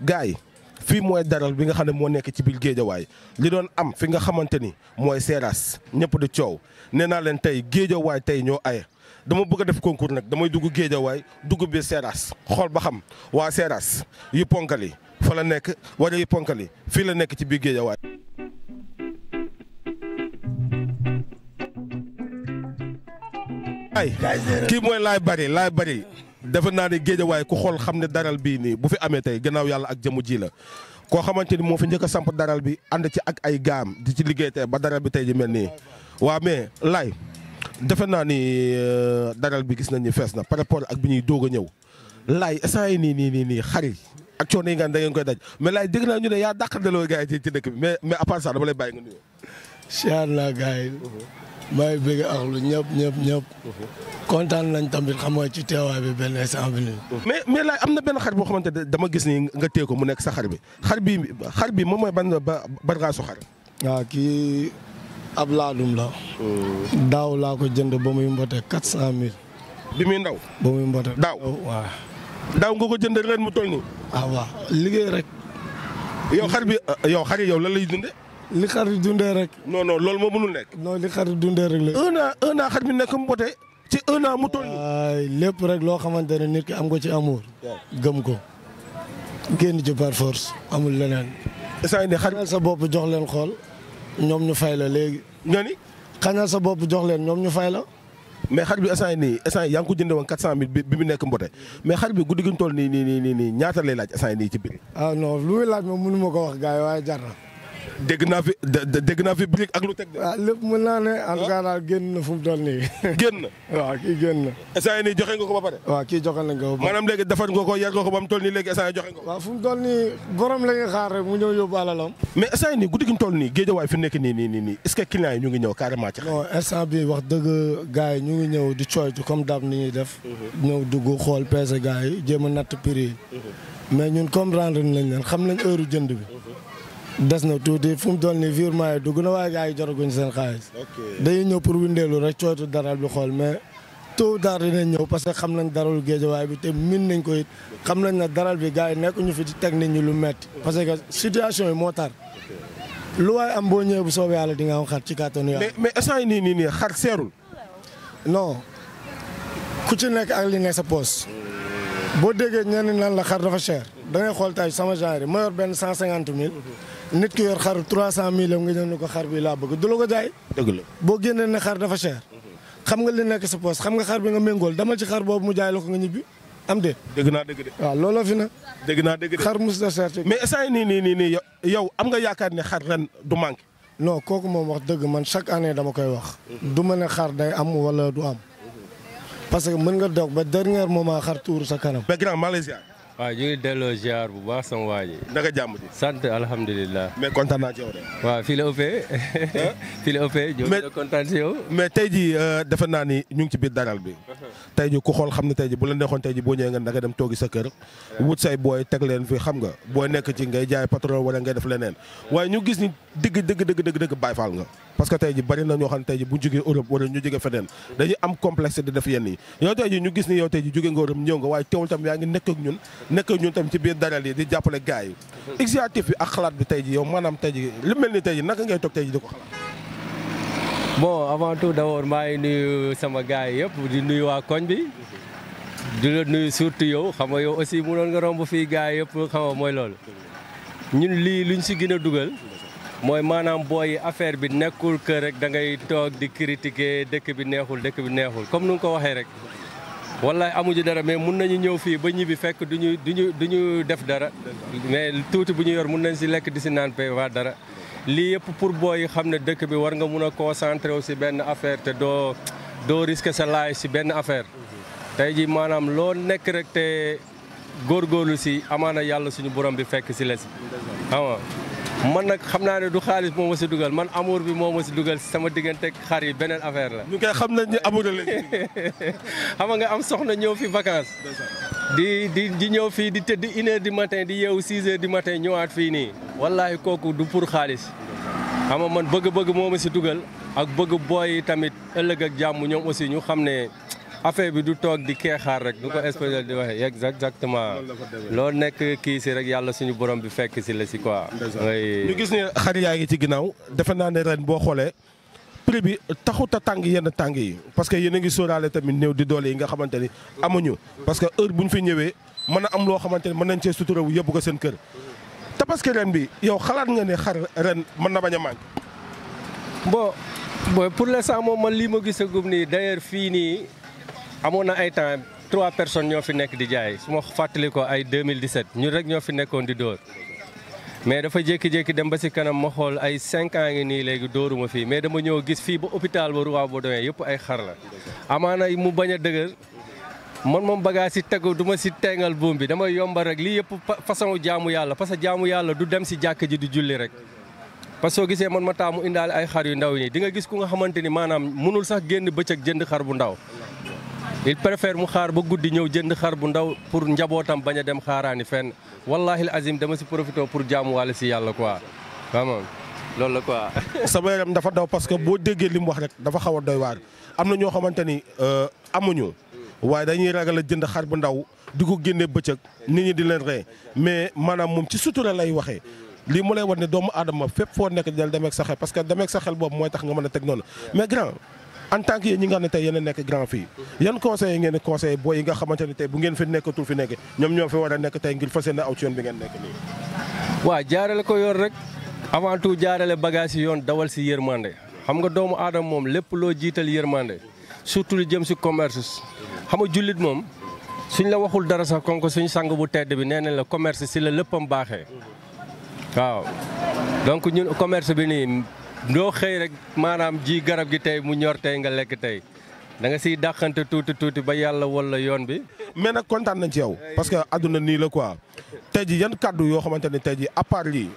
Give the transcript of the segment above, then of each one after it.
gars yi fii mooy daral bi nga xam ne moo nekk ci biir géejawaay li doon am fi nga xamante ni mooy seeraas ñëpp di coow nee naa leen tey géejawaay tey ñoo ay dama bëgg a def concours nag damay dugg géejawaay dugg biir seeraas xool ba xam waa seeraas yi ponkali fa la nekk wala yu ponkali fii la nekk ci biir géejawaay ay kii mooy laay bari laay bari defe naa ne géejawaay ku xool xam ne daral bi nii bu fi amee tey gannaaw yàlla ak jëmu ji la koo xamante ni moo fi njëkk a samp daral bi ànd ci ak ay gaam di ci liggéey tey ba daral bi tey ji mel nii waa mais laay defe naa ni euh, daral bi gis nañ ni fees na par rapport ak bi ñuy doog ñëw laay instant yi nii nii nii nii xar yi ak coono yi nga da koy daj mais laay dégg naa ñu ne yaa dàq delloo gars yi ci ci dëkk bi mais mais à part ça dama lay bàyyi nga nuyoo. incha allah yi maa ngi bëgg ak lu ñëpp ñëpp ñëpp. kontaan nañ tamit xam nga ci teewaay bi benn instant bi mais mais laay am na benn xar boo xamante ne dama gis ni nga téye ko mu nekk sa xar bi xar bi xar bi moom mooy ban ba ban raasu xar. kii ab laadum la. daaw laa ko jënd ba muy mbote quatre cent mille. bi muy ndaw. ba muy mbote daaw waaw. daaw nga ko jënd ren mu toll nii. Ah, liggéey rek. yow xar yow xar yi yow lan lay dundee. li xar dundee rek. non loolu moo mënul nekk. non li xar dundee rek la. un an un an xar mi nekk mbote ci un an mu toll. lépp rek loo xamante ne nit ki am ko ci amour. gëm ko. génn ci par force amul leneen. saa ne xañal sa bopp jox leen xool ñoom ñu fay la léegi. nga ni xañal sa bopp jox leen ñoom ñu fay la. mais xar bi instant yii nii instant yii yaa ngi ko jëndee woon 400000 bi bi mu nekk mbote mais xar bi guddi gi ñu toll nii nii nii nii ñaata lay laaj instant yii nii ci biir. ah non lu muy ko wax gars yi waaye dégg naa fi dégg naa fi brique ak lu teg de. waaw ah, lépp mën naa ne en tout daal génn na fu mu toll nii. génn na waaw kii génn na. instant yii nii joxe nga ko ba pare. waaw kii joxe na nga ko ba pare. ba mu toll nii léegi instant yii joxe nga ko. waaw fu mu nii borom la ñuy xaar rek mu ñëw yóbbu alalam. mais instant yii nii guddi gi mu nii géejawaay fi mu nekk nii nii nii ñu ngi ñëw carrément ci. non instant bii wax dëgg gars ñu ngi ñëw di cooytu comme dab ni ñuy def. Mhm. ñëw dugg xool peese gars yi jéem a natt prix yi mhm. mais ñun comprendre nañ leen xam nañ heure jënd bi mhm. des na tuuti fu mu toll nii virement dugg na waaye gars yi jotaguñ seen xaalis. dañuy ñëw pour windeelu rek cooytu daral bi xool mais tôt ou tard dinañ ñëw parce que xam nañ daralu géejawaay bi te min nañ ko xam nañ ne daral bi gars yi nekkuñu fi ci teg nit ñu lu metti parce que situation yi moo tar. lu waay am boo ñëwee bu soobee yàlla di nga am xar ci kàttanu yàlla. mais mais instant yii nii nii nii xar seerul. non ku ci nekk ak li ne sa poos. boo déggee ñenn nan la xar dafa cher. da xool tey sama genre ma yor benn cent cinquante mil nit ki yor xar trois cent mille am nga ñëw ne ko xar bi laa bëgg du la jaay. dëgg boo génnee ne xar dafa cher. xam nga li nekk sa poos xam nga xar bi nga méngool dama ci xar boobu mu jaay la ko nga ñibbi am de. dëgg naa dëgg de. waaw looloo fi na. dëgg naa dëgg de xar mus na cher. mais instant yii nii nii nii yow am nga yaakaar ne xar ren du manqué. non kooku moom wax dëgg man chaque année dama koy wax. du ma ne xar day am walla du am. parce que mën nga dog ba dernier moment xar tuuru sa kanam. mais grand malaise waa ñu ngi delloo ziar bu baax sama waa ji. naka jàmm ji. sant alhamdulillah mais kontaan naa ci yow de. fii la ëppee. fii la ëppee ñu ngi mais tey jii euh, defe naa ni ñu ngi ci biir daral bi. tey ji ku xool xam ne tey ji bu la neexoon tey ji boo ñëwee nga naka dem toogi sa kër. wut say booy teg leen fi xam nga booy nekk ci ngay jaay pétrole wala ngay def leneen waaye ñu gis ni digg dëgg dëgg dëgg dëgg Baay Faal nga. parce que tey ji bari na ñoo xam ne tey ji bu jógee Europe wala ñu jógee feneen dañuy am complexe di def yenn yi yow tey ji ñu gis ni yow tey ji jógee nga Europe ñëw nga waaye teewul tam yaa ngi nekk ak ñun nekk ak ñun tam ci biir daral yi di jàppale gars yi initiative bi ak xalaat bi tey ji yow maanaam tey ji li mel ni tey ji naka ngay toog tey ji di ko xalaat bon avant tout d'abord maa ngi nuyu sama gars yi yëpp di nuyu waa koñ bi di la nuyu surtout yow xam nga yow aussi mënoon nga romb fii gars yëpp xam nga mooy loolu ñun lii luñ si gën a dugal mooy maanaam booy affaire bi nekkul que rek da ngay toog di critiquer dëkk bi neexul dëkk bi neexul comme nu nga ko waxee rek. wallaay amuñu dara mais mun nañu ñëw fii ba ñibbi fekk duñu duñu duñu def dara mais tuuti bu ñu yor mun nañ si lekk di si naan pay dara lii yëpp pour booy xam ne dëkk bi war nga mun a concentré wu si benn affaire te doo doo risque sa laay si benn affaire tey ji maanaam loo nekk rek te góor góorlu si amaana yàlla suñu borom bi fekk si la si man nag xam naa ne du xaalis moo ma si dugal man amour bi moo ma si dugal sama digganteeg xar yi beneen affaire la. ñu koy xam nañ ne amour la xam nga am soxna ñëw fi vacances. di di di ñëw fii di tëdd une di du di yeewu six di du matin ñëwaat fii nii. wallaahi kooku du pour xaalis. xam nga man bëgg-bëgg moo ma si dugal ak bëgg booy tamit ëllëg ak jàmm ñoom aussi ñu xam ne. affaire bi du toog di keexaar rek du ko espérer di waxee exactement loo nekk kii si rek yàlla suñu borom bi fekk si la si quoi. ñu gis ne xar yaa ngi ci ginnaaw defe naa ne ren boo xoolee prix bi taxut a tàng yenn tàng yi parce que yéen a ngi sóoraale tamit néew di doole yi nga xamante ni amuñu parce que heure bu ñu fi ñëwee mën a am loo xamante ni mën nañ cee sutura wu yóbbu ko seen kër. tabaski ren bi yow xalaat nga ne xar ren mën na bañ a manqué. bon bon pour l'instant moom man lii ma gisagum nii d'ailleurs fii nii. amoon na ay temps trois personnes ñoo fi nekk di jaay su ma fàttali ko ay 2017 ñun rek ñoo fi nekkoon di dóor mais dafa jékki-jékki dem ba si kanam ma xool ay cinq ans ngi nii léegi dóoruma fii mais dama ñëw gis fii ba hôpital ba Roi ba doyee yëpp ay xar la amaana mu bañ a dëgër man moom bagage si tegu duma ma si teengal buum bi damay yomba rek lii yëpp façon jaamu yàlla parce que jaamu yàlla du dem si jàkk ji di julli rek parce que soo gisee man ma taamu indaale ay xar yu ndaw yi di nga gis ku nga xamante ni maanaam mënul sax génn bëccëg jënd xar bu ndaw il préfère mu xaar ba guddi ñëw jënd xar bu ndaw pour njabootam bañ a dem xaaraani fenn wallaahi azim dama si profité pour jaamuwaale si yàlla quoi xam loolu la quoi. sama yaram dafa daw parce que boo déggee li mu wax rek dafa xaw a doy waar am na ñoo xamante ni euh, amuñu waaye dañuy ragal a jënd xar bu ndaw di ko génnee bëccëg nit ñi di leen ree mais maanaam moom ci sutura lay waxee. lii mu lay wan ne doomu aadama fépp foo nekk dal demeek sa xel parce que demeek sa xel mooy tax nga mën a teg noonu en tant que yéen ñi nga xam ne tey yéen a nekk grand fille yan conseil yi ngeen di conseillé booy yi nga xamante ne tey bu ngeen fi nekkatul fi nekk ñoom ñoo fi war a nekk tey ngir fas aw ci yoon bi ngeen nekk nii waaw jaarale ko yoon rek avant jaarale bagage yi yoon dawal si yërmande xam nga doomu aadama moom lépp loo jiital yërmande surtout jëm si commerce xam jullit moom suñ la waxul dara sax kon ko suñ sang bu tedd bi nee la commerce si la léppam baaxee waaw doo xëy rek maanaam ji garab gi tey mu ñor tey nga lekk tey da nga siy dàqante tuuti tuuti ba yàlla wala yoon bi. mais kontaan nañ ci yow parce que àdduna nii la quoi tey ji yan kàddu yoo xamante ne tey ji à part lii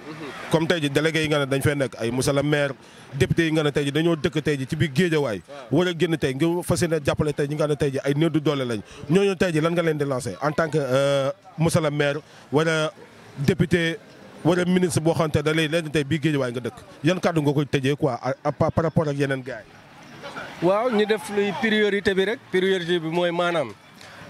comme tey ji délégué yi nga ne dañ fee nekk ay monsieur le maire député yi nga ne tey ji dañoo dëkk tey ji ci biir géejawaay war a génn tey ngir fas yéene jàppale tey ñi nga ne tey ji ay néew doole lañ ñooñu tey ji lan nga leen di lancé en tant que euh, monsieur le maire wala ministre boo xamante da lay leen tey bii géejawaay nga dëkk yan kàddu nga koy tëjee quoi par rapport ak yeneen gars yi. waaw ñu def luy priorité bi rek priorité bi mooy maanaam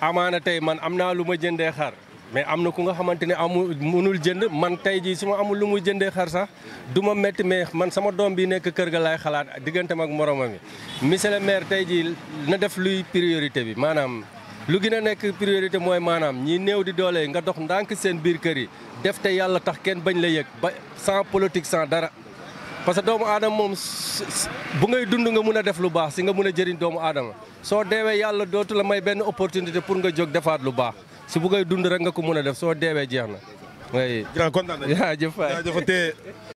amaana tey man am naa lu ma jëndee xar mais am na ku nga xamante ne amul mënul jënd man tey jii su ma amul lu muy jëndee xar sax du ma métti mais man sama doom bi nekk kër ga laay xalaat diggante ak moromam yi monsieur le tey jii na def luy priorité bi maanaam. lu gën a nekk priorité mooy maanaam ñi néew di doole nga dox ndànk seen biir kër yi def te yàlla tax kenn bañ la yëg ba sans politique sans dara. parce que doomu aadama moom bu ngay dund nga mun a def lu baax si nga mun a jëriñ doomu aadama soo deewee yàlla dootu la may benn opportunité pour nga jóg defaat lu baax si bu ngay dund rek nga ko mun a def soo deewee jeex na.